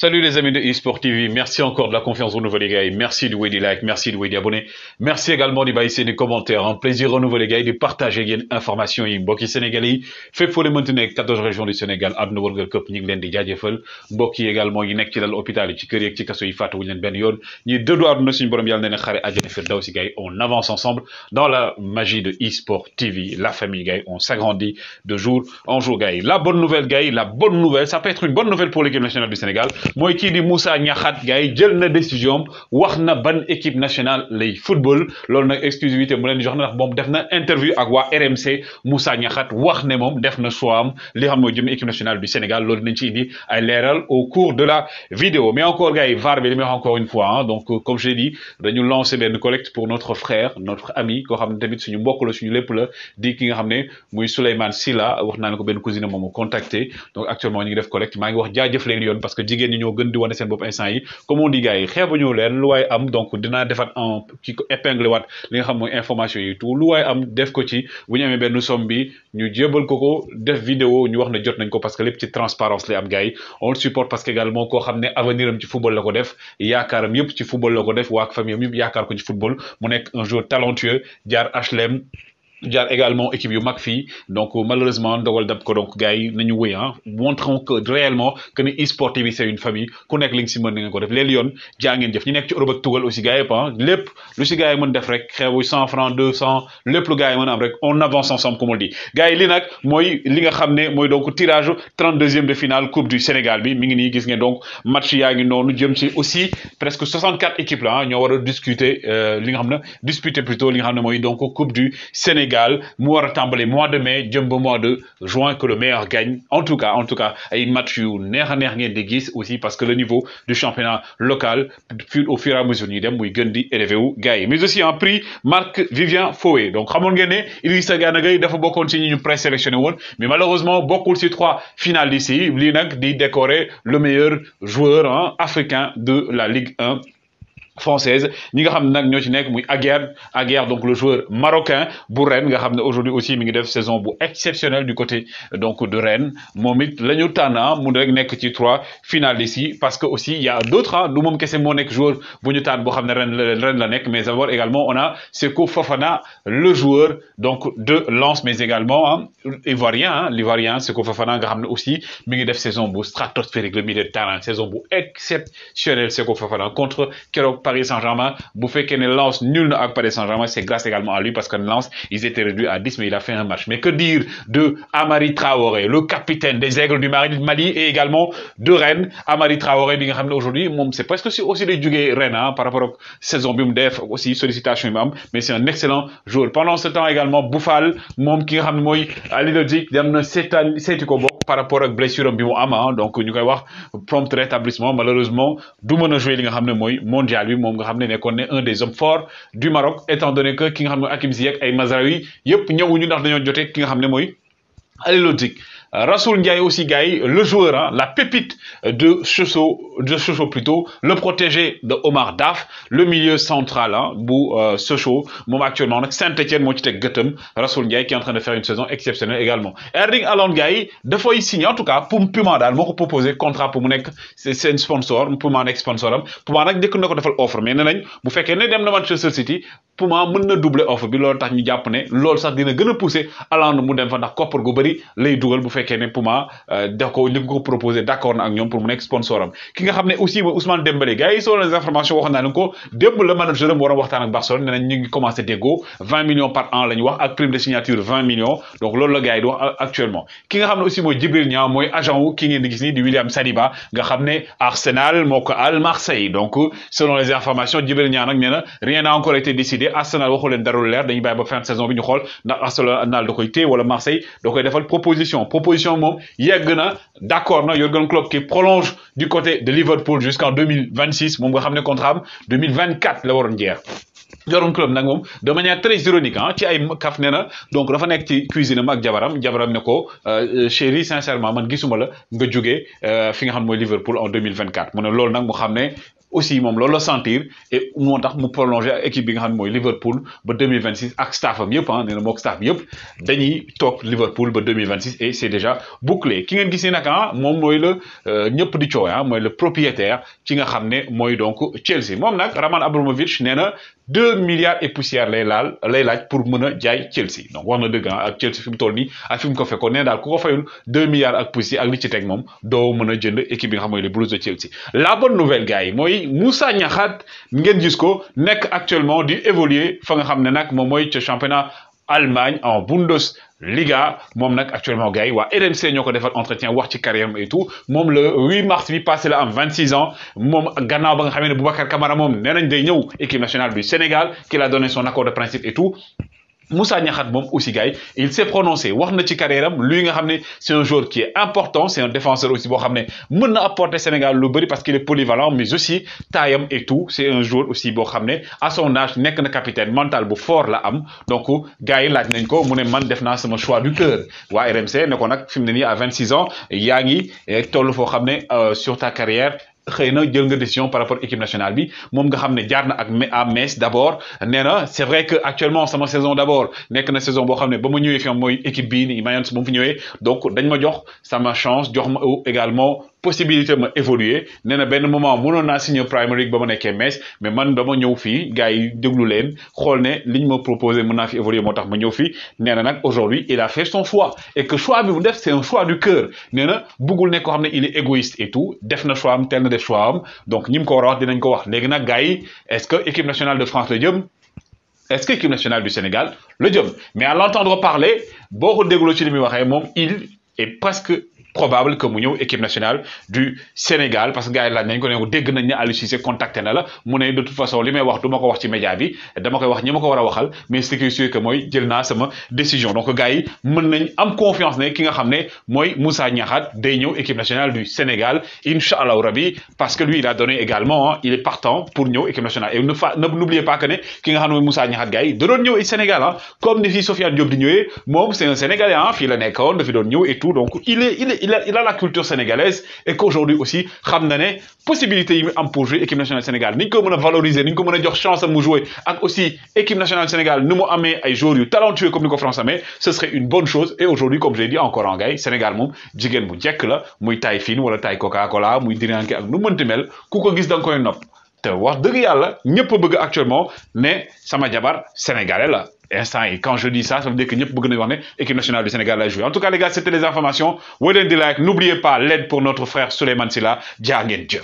Salut les amis de eSport TV, merci encore de la confiance renouvelée les gars merci de vous des likes, merci de vous des abonnés. Merci également de baisser des commentaires, un plaisir renouvelé les gars de partager les informations et mbokki sénégalais yi pour foo leen 14 régions du Sénégal à nouveau le Cup ñu ngi di également yi nekk ci l'hôpital hôpital yi ci kër yi ci kaso yi fàttewuñu leen benn yoon ñuy dëdduwaar na suñu borom gars on avance ensemble dans la magie de eSport TV, la famille gars on s'agrandit de jour en jour gars La bonne nouvelle gars la bonne nouvelle, ça peut être une bonne nouvelle pour l'équipe nationale du Sénégal moy kii di Moussa Niakhat gars jël na décision wax na ban équipe nationale lay football loolu nak exclusivité mu len jox na ndax moom def na interview ak wa RMC Moussa Niakhat wax ne moom def na choix li xam moy jëm équipe nationale du Sénégal loolu nañ ci indi ay léral au cours de la vidéo mais encore gars yi VAR bi wax encore une fois hein. donc euh, comme je l'ai dit dañu lancer ben collecte pour notre frère notre ami ko xam ne tamit suñu mbokk la suñu lepp la di ki nga xam ne muy Souleymane Silla wax naa ko benn cousine moom contacter contacté donc actuellement ñu ngi def collecte ma ngi wax jaajëf leen yoon parce que jigéen ñoo gën di wane seen bopp instant yi comme on dit gars yi xeebuñu leen lu way am donc dinaa defat en ci épingle waat li nga xam mooy information yi tout lu way am def ko ci bu ñu amee benn somme bi ñu jébal ko ko def vidéo ñu wax ne jot nañ ko parce que lépp ci transparence li am gars yi on support parce que également koo xam ne avenir am ci football la ko def yaakaaram yépp ci football la ko def waa famille am yëpp yaakaar ko ci football mu nekk un joueur talentueux jaar HLM jaar également équipe yu mag fii donc malheureusement ndogal dab ko donc gars yi nañu wéy ah montrons que réellement que ni e-sport c'est une famille ku nekk li nga si mën na ngeen ko def léegi yoon jaa ngeen jëf ñu nekk ci Europe ak tugal aussi gars yëpp ah lépp lu si gars yi mën def rek xeewu 100 francs 200, cent lépp lu gars yi mën am rek on avance ensemble comme on dit gars yi li nag mooy li nga xam ne mooy donc tirage 32e de finale coupe du Sénégal bi mi ngi nii gis ngeen donc match yaa ngi noonu jëm ci aussi presque 64 équipes la ah ñoo war a discuter euh, li nga xam ne disputer plutôt li nga xam ne mooy donc coupe du Sénégal Sénégal mu mois de mai jumbo mois de juin que le meilleur gagne en tout cas en tout cas ay match yu neex a aussi parce que le niveau du championnat local au fur et à mesure ñuy dem muy di élevé mais aussi en prix Marc Vivien Foué. donc Ramon ngeen il Idrissa Gana Gueye dafa bokkoon si ñu ñu présélectionné woon mais malheureusement bokkul ces trois finalistes yi lii décorer le meilleur joueur hein, africain de la Ligue 1 française ñi nga xam nak ñoo muy donc le joueur marocain bu Rennes nga xam aujourd'hui aussi mi ngi def saison bu exceptionnelle du côté donc de Rennes Momit lañu la ñu ah, mu rek nekk ci 3 finalistes yi parce que aussi il y a d'autres ah du mom kese mon nekk joueur bu ñu tànn bo xam Rennes Rennes la nekk mais avoir également on a Seko Fofana le joueur donc de Lens mais également ah, ivoirien ah, l'ivoirien Seko Fofana nga xam aussi mi ngi def saison bu stratosphérique le milieu de terrain saison bu exceptionnel Seko Fofana contre keroog Paris Saint-Germain. Bouffé ne lance nul avec Paris Saint-Germain. C'est grâce également à lui parce que lance ils étaient réduits à 10, mais il a fait un match. Mais que dire de Amari Traoré, le capitaine des Aigles du Mali et également de Rennes. Amari Traoré, bien aujourd'hui, c'est presque aussi le Dugay Rennes hein, par rapport à saison Def, aussi sollicitation, mais c'est un excellent joueur. Pendant ce temps également, Bouffal, Mom qui Rammoy, Ali Logic, Damna Setan, Setikobo. par rapport la blessure de ama hein. donc nous allons wax prompt rétablissement malheureusement d'où mën jouer li nga mondial bi mom nga un des hommes forts du Maroc étant donné que ki nga xamné Hakim Ziyech ay Mazraoui ndax ki nga Rasoul Ndiaye aussi Gaï, le joueur, hein, la pépite de Chosso, de Chosso plutôt, le protégé de Omar Daf, le milieu central hein, Bou euh, Sochaux, bon, actuellement Saint-Etienne mon petit Rasoul Ndiaye qui est en train de faire une saison exceptionnelle également. Erling Alon Gaï, deux fois il signe en tout cas pour Puma dal moko proposer contrat pour mu c'est un sponsor pour mon ex sponsor pour ma dès qu'on a defal offre mais nenañ bu fekkee ne dem na Manchester City pour moi mon ne doubler offre bi loolu tax ñu jàpp ne loolu sax dina gën a pousser Alon mu dem fa ndax koppar gu fekkee ne Puma euh, dako ko ko proposé d'accord ak pour mu nekk sponsor ki nga xam aussi mooy Ousmane Dembélé gars yi les informations waxoon naa leen ko démb la manager mo wara waxtan ak Barcelone nee nañ ñu ngi commencé déggoo 20 millions par an lañ wax ak prime de signature 20 millions donc loolu la gars yi di wax actuellement ki nga xam aussi moy Djibril Niang moy agent wu ki ngeen di gis ni di William Saliba nga xam Arsenal moko al Marseille donc selon les informations Djibril Niang nak nee rien n'a encore été décidé Arsenal waxu len darul leer dañuy bàyyi ba fin de saison bi ñu xol ndax Arsenal da koy té wala Marseille da koy defal proposition proposition moom d'accord, na Jurgen Klopp qui prolonge du côté de Liverpool jusqu'en 2026 Mon nga xamné contrat am 2024 la waroon dier Jurgen Klopp nak mom de manière très ironique hein ci ay kaf donc dafa nek ci cuisine mak jabaram jabaram ne euh, euh, chérie sincèrement man gisuma la nga jógee euh, fi nga xamné moy Liverpool en 2024 Mon ne loolu nag mu aussi moom loolu la sentir et moo tax mu prolonger ak équipe bi nga xam ne mooy Liverpool ba 2026 ak staff am yëpp ah nee na mook staff yëpp dañuy toog Liverpool ba 2026 et c'est déjà bouclé ki ngeen gis ni nag ah moom mooy la euh, ñëpp di coow ah mooy le propriétaire ci nga xam ne mooy donc Chelsea moom nag Raman Abramovich nee na deux milliards et poussière lay laal lay laaj pour mën a jaay Chelsea donc wax na dëgg ah ak Chelsea fi mu toll nii ak fi mu ko fekkoon nee daal ku ko fayul deux milliards ak poussière ak li ci teg moom doo mën a jënd équipe bi nga xam mooy les Blues de Chelsea la bonne nouvelle gars yi mooy Moussa Niakhaté ngeen gis ko nek actuellement di évoluer fa nga xam championnat Allemagne en Bundesliga mom n'ak actuellement gars yi RMC ñoko defal entretien wax ci et tout mom le 8 mars bi passé la en 26 ans mom gannaaw ba nga xam kamara Boubacar Camara mom nenañ day équipe nationale du Sénégal qui a donné son accord de principe et tout. Moussa Niakhat bom aussi gars il s'est prononcé wax ci carrière c'est un joueur qui est important c'est un défenseur aussi Il peut mën apporter Sénégal lu parce qu'il est polyvalent mais aussi taille et tout c'est un joueur aussi bon à son âge nekk na capitaine mental bu fort la am donc gars yi laaj nañ ko mu man choix du cœur RMC ne ko a fi à 26 ans yaa ngi eh, toll foo euh, sur ta carrière xeyna jël nga décision par rapport équipe nationale bi mom nga xamné ne jaar na ak à Metz d'abord. abord c'est vrai que actuellement sama saison d'abord, nek na saison bo xamné bama ñëwé fi moy équipe bi ni Mayence bu mu fi ñëwé donc dañ ma jox sama chance jox ma également possibilité ma évoluer nee na moment mënoon naa signer primary ba ma nekkee Metz mais man dama ñëw fi gaay yi déglu leen xool ne liñ ma proposé mën fi évoluer motax tax ma ñëw fii nee na aujourd'hui il a fait son choix et que choix bi mu def c'est un choix du cœur nee na bëggul né ko xamné il est égoïste et tout def na choix am tel na def choix am donc ñim ko wax dinañ ko wax légui nak gaay est-ce que équipe nationale de France le jëm est-ce que l'équipe nationale du Sénégal le jëm mais à l'entendre parler beaucoup de ci li muy il est presque probable que mu équipe nationale du Sénégal parce que gars yi laaj nañ ko à ko dégg nañ ne Aliou Cissé contacté na la mu de toute façon li may wax du ma ko wax ci média bi dama koy wax ñi ko war waxal mais ce qui est que mooy jël naa sama décision donc gars yi mën am confiance ne ki nga xam moi Moussa Niakhaté day ñëw équipe nationale du Sénégal inshallah allahu rabi parce que lui il a donné également hein, il est partant pour ñëw équipe nationale et ne n'oubliez pas que ne ki nga xam Moussa Niakhaté gars yi da doon et Sénégal hein, comme ni fii Sofiane Diop di ñëwee c'est un Sénégalais ah fii la nekkoon de doon et tout donc il est il est il a, la culture sénégalaise et qu'aujourd'hui aussi il y a possibilité yi pour jouer équipe nationale Sénégal ni ñu ko a valoriser ni ko jox chance de jouer ak aussi équipe nationale Sénégal nous, avons amee ay joueurs yu talentueux comme ni ko France Amé, ce serait une bonne chose et aujourd'hui comme je l'ai dit encore en gay Sénégal moom Jigen bu njëkk la muy taille fine wala taille Coca-Cola muy diriyanke ak nu mënti mel gis da koy nopp te wax dëgg yàlla ñëpp bëgg actuellement ne sama jabar sénégalais instant quand je dis ça ça veut dire que nous bëgg et wax équipe nationale du Sénégal a joué. en tout cas les gars c'était les informations n'oubliez pas l'aide pour notre frère Souleymane Silla. jaa